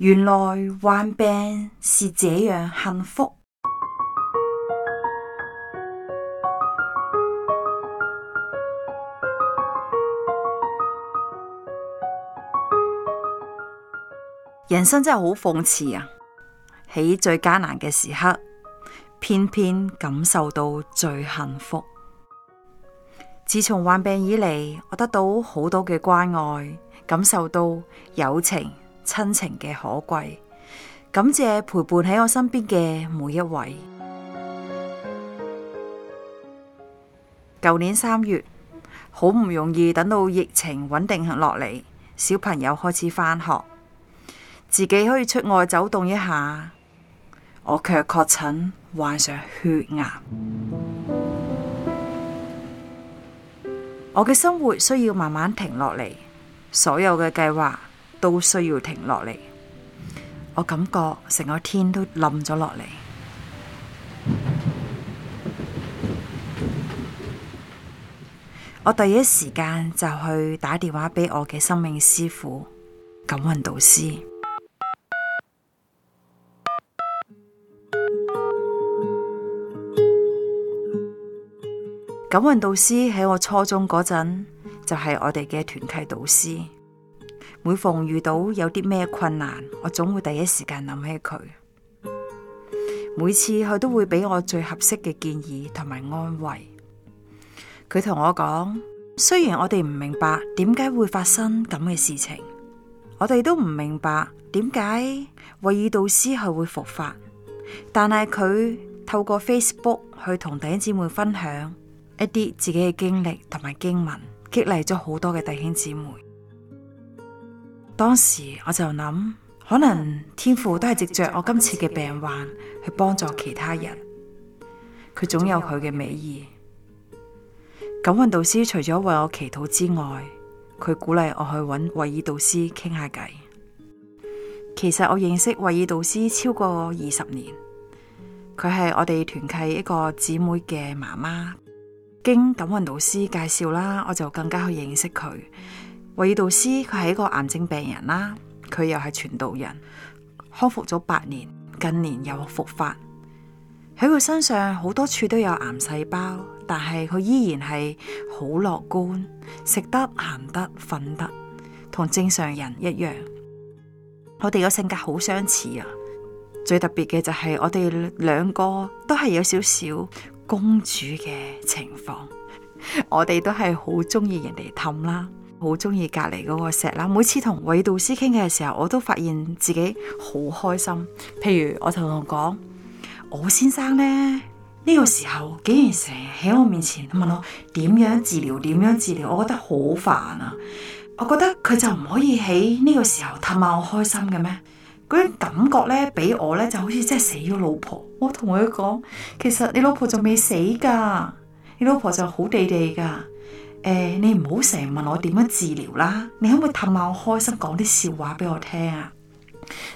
原來患病是這樣幸福。人生真係好諷刺啊！喺最艱難嘅時刻，偏偏感受到最幸福。自從患病以嚟，我得到好多嘅關愛，感受到友情。親情嘅可貴，感謝陪伴喺我身邊嘅每一位。舊年三月，好唔容易等到疫情穩定落嚟，小朋友開始返學，自己可以出外走動一下，我卻確診患上血癌。我嘅生活需要慢慢停落嚟，所有嘅計劃，都需要停落嚟，我感覺成個天都冧咗落嚟。我第一時間就去打電話俾我嘅生命師傅、感恩導師。感恩導師喺我初中嗰陣就係、是、我哋嘅團契導師。每逢遇到有啲咩困難，我總會第一時間諗起佢。每次佢都會俾我最合適嘅建議同埋安慰。佢同我講，雖然我哋唔明白點解會發生咁嘅事情，我哋都唔明白點解威爾道斯係會復發，但係佢透過 Facebook 去同弟兄姊妹分享一啲自己嘅經歷同埋經文，激勵咗好多嘅弟兄姊妹。當時我就諗，可能天父都係藉着我今次嘅病患去幫助其他人，佢總有佢嘅美意。感恩導師除咗為我祈禱之外，佢鼓勵我去揾衛爾導師傾下偈。其實我認識衛爾導師超過二十年，佢係我哋團契一個姊妹嘅媽媽。經感恩導師介紹啦，我就更加去認識佢。韋導師佢係一個癌症病人啦，佢又係傳道人，康復咗八年，近年又復發。喺佢身上好多處都有癌細胞，但係佢依然係好樂觀，食得、行得、瞓得，同正常人一樣。我哋個性格好相似啊！最特別嘅就係我哋兩個都係有少少公主嘅情況，我哋都係好中意人哋氹啦。好中意隔籬嗰個石啦！每次同韋導師傾嘅時候，我都發現自己好開心。譬如我同佢講，我先生呢，呢、呢個時候竟然成日喺我面前問我點樣治療，點樣治療，我覺得好煩啊！我覺得佢就唔可以喺呢個時候氹下我開心嘅咩？嗰種感覺呢，俾我呢就好似真係死咗老婆。我同佢講，其實你老婆仲未死噶，你老婆就好地地噶。誒、欸，你唔好成日問我點樣治療啦，你可唔可以氹下我開心，講啲笑話俾我聽啊？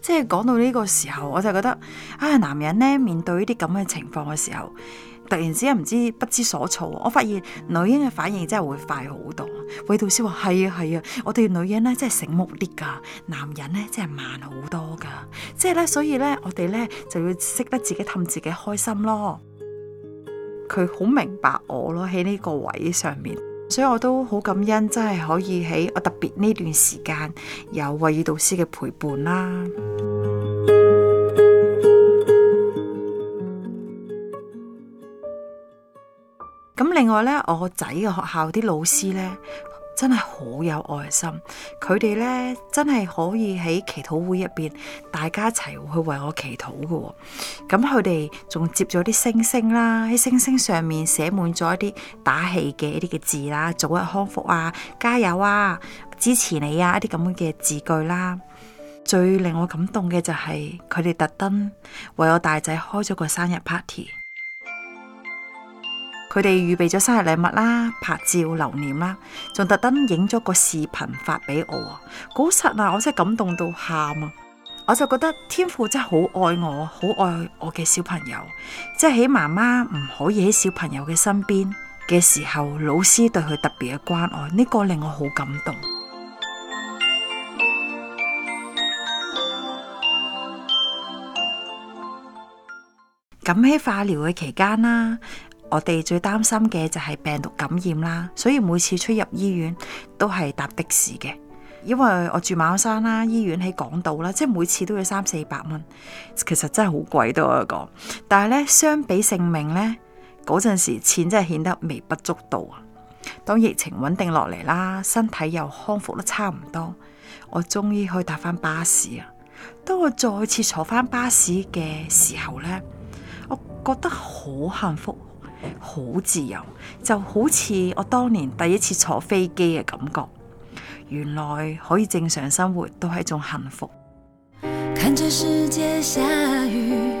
即係講到呢個時候，我就覺得啊、哎，男人呢，面對呢啲咁嘅情況嘅時候，突然之間唔知不知所措。我發現女嬰嘅反應真係會快好多。韋導師話係啊係啊，我哋女人呢，真係醒目啲噶，男人呢，真係慢好多噶。即係呢，所以呢，我哋呢就要識得自己氹自己開心咯。佢好明白我咯，喺呢個位上面。所以我都好感恩，真係可以喺我特別呢段時間有外語導師嘅陪伴啦。咁 另外呢，我個仔嘅學校啲老師呢。真係好有愛心，佢哋咧，真係可以喺祈禱會入邊，大家一齊去為我祈禱嘅喎。咁佢哋仲接咗啲星星啦，喺星星上面寫滿咗一啲打氣嘅一啲嘅字啦，早日康復啊，加油啊，支持你啊，一啲咁樣嘅字句啦。最令我感動嘅就係佢哋特登為我大仔開咗個生日 party。佢哋預備咗生日禮物啦，拍照留念啦，仲特登影咗個視頻發俾我啊！嗰陣啊，我真係感動到喊啊！我就覺得天父真係好愛我，好愛我嘅小朋友，即係喺媽媽唔可以喺小朋友嘅身邊嘅時候，老師對佢特別嘅關愛，呢個令我好感動。咁喺 化療嘅期間啦。我哋最擔心嘅就係病毒感染啦，所以每次出入醫院都係搭的士嘅。因為我住馬鞍山啦，醫院喺港島啦，即係每次都要三四百蚊，其實真係好貴都我一個。但係咧，相比性命咧，嗰陣時錢真係顯得微不足道啊。當疫情穩定落嚟啦，身體又康復得差唔多，我終於可以搭翻巴士啊。當我再次坐翻巴士嘅時候咧，我覺得好幸福。好自由，就好似我當年第一次坐飛機嘅感覺，原來可以正常生活都係一種幸福。看着世界下雨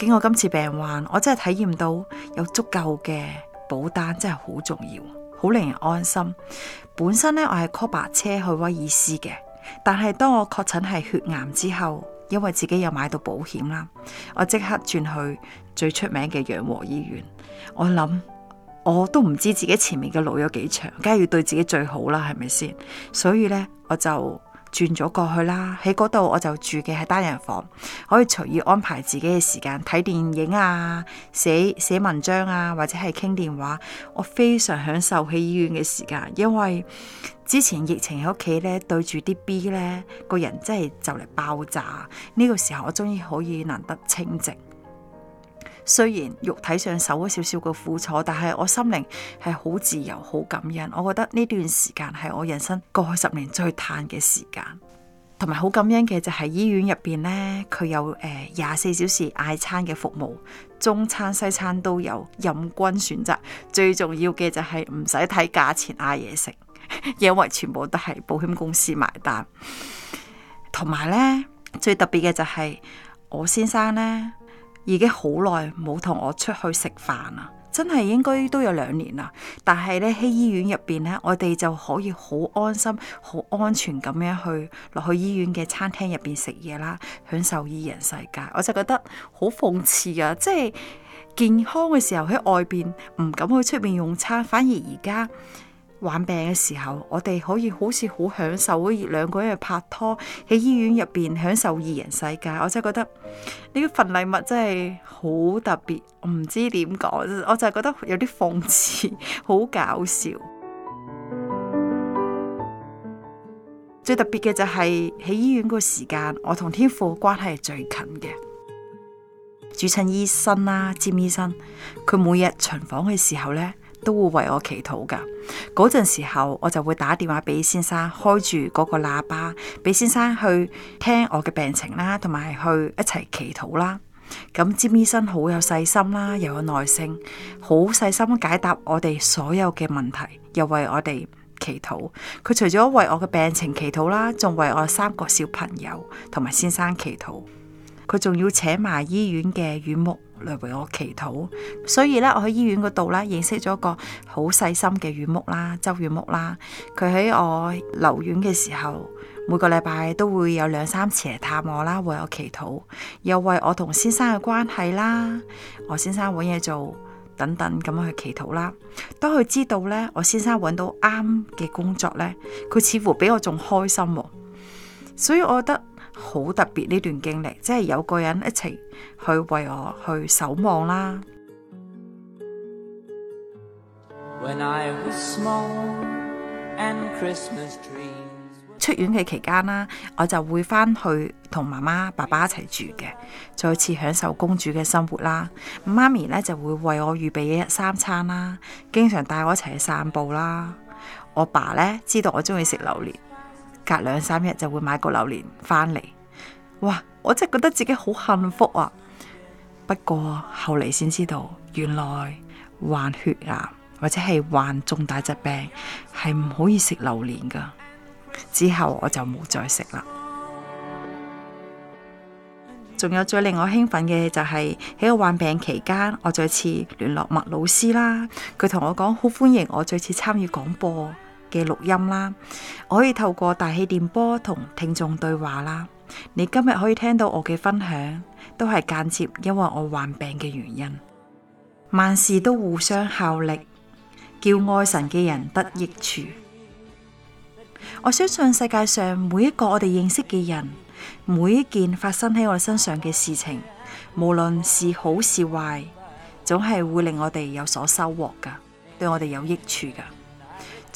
經過我今次病患，我真係體驗到有足夠嘅保單真係好重要，好令人安心。本身咧，我係 call 白車去威爾斯嘅，但係當我確診係血癌之後，因為自己有買到保險啦，我即刻轉去最出名嘅養和醫院。我諗我都唔知自己前面嘅路有幾長，梗係要對自己最好啦，係咪先？所以咧，我就。轉咗過去啦，喺嗰度我就住嘅係單人房，可以隨意安排自己嘅時間睇電影啊、寫寫文章啊，或者係傾電話。我非常享受喺醫院嘅時間，因為之前疫情喺屋企咧，對住啲 B 咧，個人真係就嚟爆炸。呢個時候我終於可以難得清靜。雖然肉體上受咗少少嘅苦楚，但係我心靈係好自由、好感恩。我覺得呢段時間係我人生過去十年最嘆嘅時間，同埋好感恩嘅就係、是、醫院入邊呢，佢有誒廿四小時嗌餐嘅服務，中餐西餐都有任君選擇。最重要嘅就係唔使睇價錢嗌嘢食，因為全部都係保險公司埋單。同埋呢，最特別嘅就係、是、我先生呢。已經好耐冇同我出去食飯啦，真係應該都有兩年啦。但係咧喺醫院入邊咧，我哋就可以好安心、好安全咁樣去落去醫院嘅餐廳入邊食嘢啦，享受二人世界。我就覺得好諷刺啊！即係健康嘅時候喺外邊唔敢去出邊用餐，反而而家。患病嘅時候，我哋可以好似好享受，可以兩個人拍拖喺醫院入邊享受二人世界。我真係覺得呢份禮物真係好特別，唔知點講，我就係覺得有啲諷刺，好搞笑。 最特別嘅就係、是、喺醫院個時間，我同天父關係係最近嘅。主診醫生啦、啊，詹醫生，佢每日巡房嘅時候呢。都會為我祈禱噶，嗰陣時候我就會打電話俾先生，開住嗰個喇叭俾先生去聽我嘅病情啦，同埋去一齊祈禱啦。咁詹醫生好有細心啦，又有，有耐性，好細心解答我哋所有嘅問題，又為我哋祈禱。佢除咗為我嘅病情祈禱啦，仲為我三個小朋友同埋先生祈禱。佢仲要請埋醫院嘅院牧。嚟為我祈禱，所以咧，我去醫院嗰度咧，認識咗個好細心嘅院牧啦，周院牧啦，佢喺我留院嘅時候，每個禮拜都會有兩三次嚟探我啦，為我祈禱，又為我同先生嘅關係啦，我先生揾嘢做等等咁樣去祈禱啦。當佢知道咧，我先生揾到啱嘅工作咧，佢似乎比我仲開心，所以我覺得。好特別呢段經歷，即係有個人一齊去為我去守望啦。When I was small Christmas dreams 出院嘅期間啦，我就會翻去同媽媽、爸爸一齊住嘅，再次享受公主嘅生活啦。媽咪咧就會為我預備一日三餐啦，經常帶我一齊去散步啦。我爸咧知道我中意食榴蓮。隔兩三日就會買個榴蓮翻嚟，哇！我真係覺得自己好幸福啊。不過後嚟先知道，原來患血癌或者係患重大疾病係唔可以食榴蓮噶。之後我就冇再食啦。仲有最令我興奮嘅就係喺個患病期間，我再次聯絡麥老師啦。佢同我講，好歡迎我再次參與廣播。嘅錄音啦，我可以透過大氣電波同聽眾對話啦。你今日可以聽到我嘅分享，都係間接因為我患病嘅原因。萬事都互相效力，叫愛神嘅人得益處。我相信世界上每一個我哋認識嘅人，每一件發生喺我身上嘅事情，無論是好是壞，總係會令我哋有所收穫噶，對我哋有益處噶。